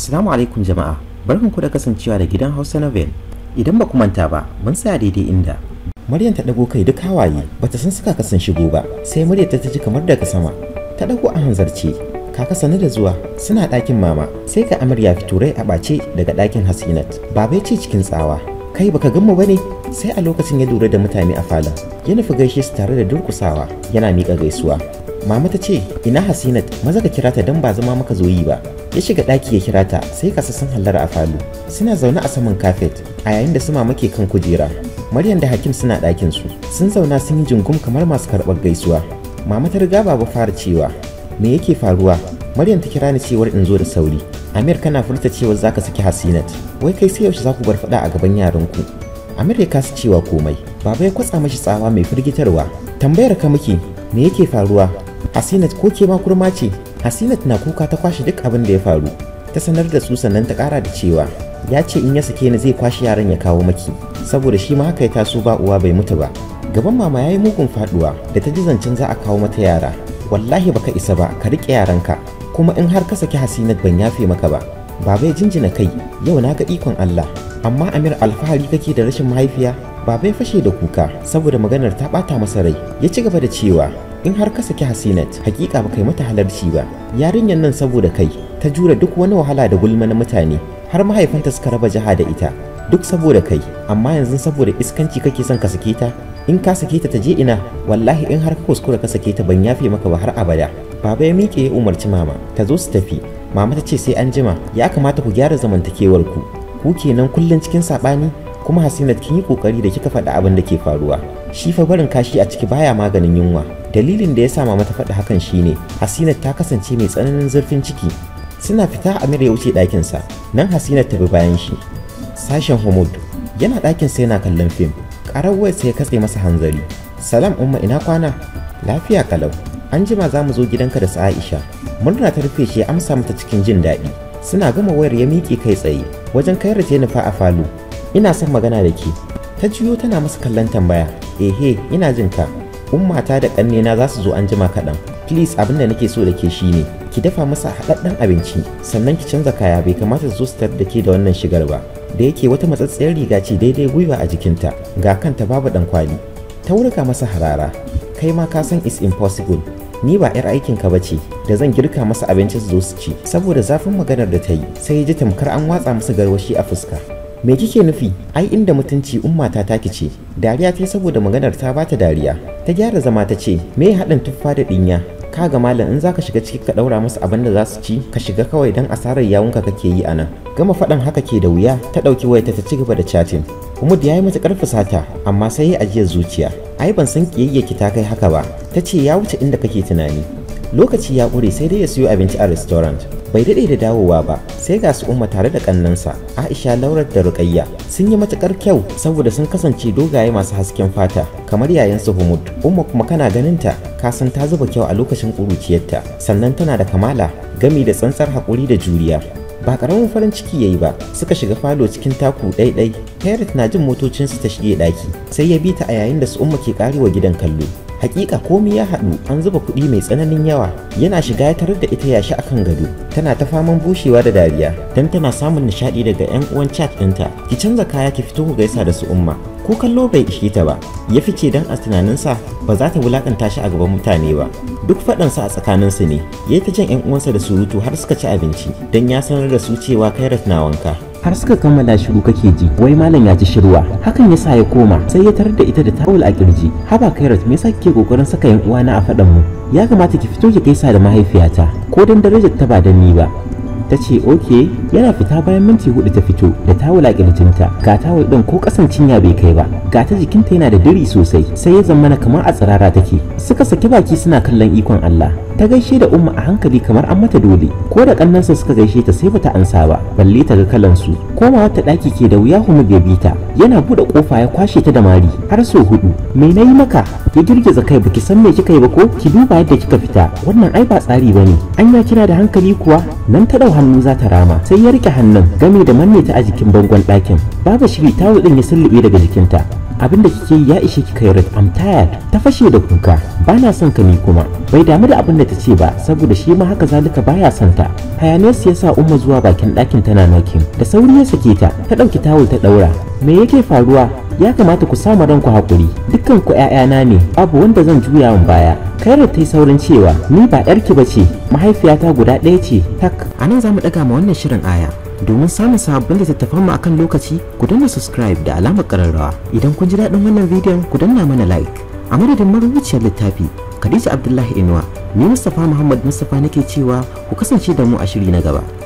Assalamu alaikum jama'a, barkanku da kasancewa da gidan Hausa na Novel. Idan ba ku manta ba, mun tsaya daidai inda. Maryam ta dago kai duk hawaye, bata san suka kasan shigo ba, sai muryar ta ji kamar daga sama. Ta dago a hanzarce, kaka sane da zuwa, suna ɗakin mama, sai ka amarya fiturai a ɓace daga ɗakin Hasinat. Baba ya ce cikin tsawa, kai baka gan mu bane sai a lokacin ya lura da mutane a falon ya nufi gaishe su tare da durkusawa yana miƙa gaisuwa mama ta ce ina hasinat maza ka kira ta don ba zama maka zo yi ba ya shiga ɗaki ya kira ta sai kasa sun hallara a falo suna zaune a saman kafet a yayin da su ke kan kujera maryam da hakim suna ɗakin su sun zauna sun yi jingum kamar masu karɓar gaisuwa mama ta riga baba fara cewa me yake faruwa maryam ta kira ni cewar in zo da sauri amir kana furta cewar zaka saki hasinat wai kai sai yaushe za ku bar faɗa a gaban yaranku amir ya kasa cewa komai baba ya kwatsa mashi tsawa mai firgitarwa tambayar ka muke me yake faruwa hasinat ko ke ma kurma ce hasinat na kuka ta kwashe duk abin da ya faru ta sanar da su sannan ta kara da cewa ya ce in ya sake ni zai kwashe yaran ya kawo maki saboda shi ma haka ya taso ba uwa bai mutu ba gaban mama ya yi mugun faduwa da ta ji zancen za a kawo mata yara wallahi baka isa ba ka riƙe ka. kuma in har ka saki hasinat ban yafe maka ba baba ya jinjina kai yau na ga ikon Allah amma Amir alfahari kake da rashin mahaifiya baba ya fashe da kuka saboda maganar ta bata masa rai ya ci gaba da cewa in har ka saki hasinat hakika ba kai mata halarci ba yarinyar nan saboda kai ta jure duk wani wahala da gulma na mutane har mahaifinta suka raba jiha da ita duk saboda kai amma yanzu saboda iskanci kake son ka sake ta in ka sake ta je ina wallahi in har ka kuskura ka sake ta ban yafe maka ba har abada baba ya miƙe ya umarci mama ta zo su tafi mama ta ce sai an jima ya kamata ku gyara zamantakewar ku ku kenan kullun cikin saɓani kuma hasinat kin yi kokari da kika faɗa abin da ke faruwa shi fa barin kashi a ciki baya maganin yunwa dalilin da ya sa mama ta faɗi hakan shine hasinat ta kasance mai tsananin zurfin ciki suna fita amir ya wuce ɗakinsa nan hasinat ta bi bayan shi sashen homod yana ɗakin sa yana kallon fim ƙarar wayarsa ya katse masa hanzari salam umma ina kwana lafiya kalau an jima za mu zo gidanka da su aisha murna ta rufe shi ya amsa mata cikin jin daɗi suna gama wayar ya miƙe kai tsaye wajen kayar da nufa a falo ina son magana da ke ta juyo tana masa kallon tambaya ehe ina jin ka ummata da ƙannena za su zo an jima kaɗan please abin da nake so da ke shi ne. ki dafa masa haɗaɗɗen abinci sannan ki canza kaya bai kamata su zo su tar da ke da wannan shigar ba da yake wata matsatsiyar riga ce daidai gwiwa a jikinta ga kanta babu ɗan kwali ta wurga masa harara kai ma ka san is impossible ni ba 'yar aikin ka ce. da zan girka masa abinci su zo su ci saboda zafin maganar da ta yi sai ya ji tamkar an watsa masa garwashi a fuska me kike nufi ai inda mutunci ummata ta ce dariya ta saboda maganar ta bata dariya ta gyara zama ta ce me haɗin tuffa da ɗinya ka ga malam in zaka shiga ciki ka ɗaura musu abin da za su ci ka shiga kawai dan asarar yawunka kake yi anan. gama faɗan haka ke da wuya ta ɗauki waya ta ci gaba da chatting Umud ya yi mata matuƙar sata, amma sai ya ajiyar zuciya ai ban san kiyayya ki ta kai haka ba ta ce ya wuce inda kake tunani lokaci ya ƙure sai dai ya siyo abinci a restaurant bai daɗe da dawowa ba sai ga su umma tare da ƙannansa aisha laurar da ruƙayya sun yi matuƙar kyau saboda sun kasance dogaye masu hasken fata kamar yayansu humud umma kuma kana ganin ta ka ta zuba kyau a lokacin ƙuruciyarta sannan tana da kamala gami da tsantsar haƙuri da juriya ba karamin farin ciki yayi ba suka shiga falo cikin taku ɗaiɗai Harriet na jin motocinsu ta shige ɗaki sai ya bi ta a yayin da su umma ke karewa gidan kallo hakika komai ya haɗu an zuba kuɗi mai tsananin yawa yana shiga ya tarar da ita yashi akan gado tana ta faman bushewa da dariya Dan tana samun nishaɗi daga 'yan uwan chat ɗinta ki canza kaya ki fito ku gaisa da su umma ko kallo bai ishe ta ba ya fice dan a tunaninsa ba za ta wulakanta shi a gaban mutane ba duk faɗansa a tsakaninsu ne ya yi ta jan ƴan uwansa da surutu har suka ci abinci don ya sanar da su cewa kairat na wanka har suka kammala shiru kake ji wai malam ya ji shirwa hakan ya sa ya koma sai ya tarar da ita da tawul a kirji haba kairat me yasa kike kokarin saka yan uwana a faɗan mu ya kamata ki fito ki gaisa da mahaifiyata ko dan darajar ta ba da ni ba ta ce ok yana fita bayan minti hudu ta fito da ta wulaƙe jikinta ga ta ɗin ko ƙasan cinya bai kai ba ga ta jikinta yana da diri sosai sai ya zamana kamar a tsirara take suka saki baki suna kallon ikon Allah ta gaishe da umma a hankali kamar an mata dole ko da kannansa suka gaishe ta sai bata ansa ba balle ta ga kalan su komawa ta daki ke da wuya kuma ya bi yana bude kofa ya kwashe ta da mari har so hudu me yi maka ya girgiza kai baki san me kika yi ba ko ki duba yadda kika fita wannan ai ba tsari bane anya kina da hankali kuwa nan ta dau hannu za ta rama sai ya rike hannun game da manne ta a jikin bangon ɗakin babu shiri tawul ɗin ya sulluɓe daga jikinta abin da kike yi ya ishe ki kairat I'm tired ta fashe da kuka Ba bana son ka ni kuma bai damu da abin da ta ce ba saboda shi ma haka zalika baya son ta hayaniyar ya sa umma zuwa bakin ɗakin tana nakin da sauri ya sake ta ta ɗauki tawul ta ɗaura me yake faruwa ya kamata ku samu ranku hakuri dukkan ku ƴaƴana ne babu wanda zan juya min baya Kaira ta yi saurin cewa ni ba ɗarki ba ce mahaifiyata guda ɗaya ce tak a nan za mu ɗaga ma wannan shirin aya domin samun sabbin littattafan mu akan lokaci ku danna subscribe da alamar kararrawa idan kun ji daɗin wannan bidiyon ku danna mana like a madadin marubuciyar littafi khadija abdullahi inuwa ni mustapha muhammad mustapha nake cewa ku kasance da mu a shiri na gaba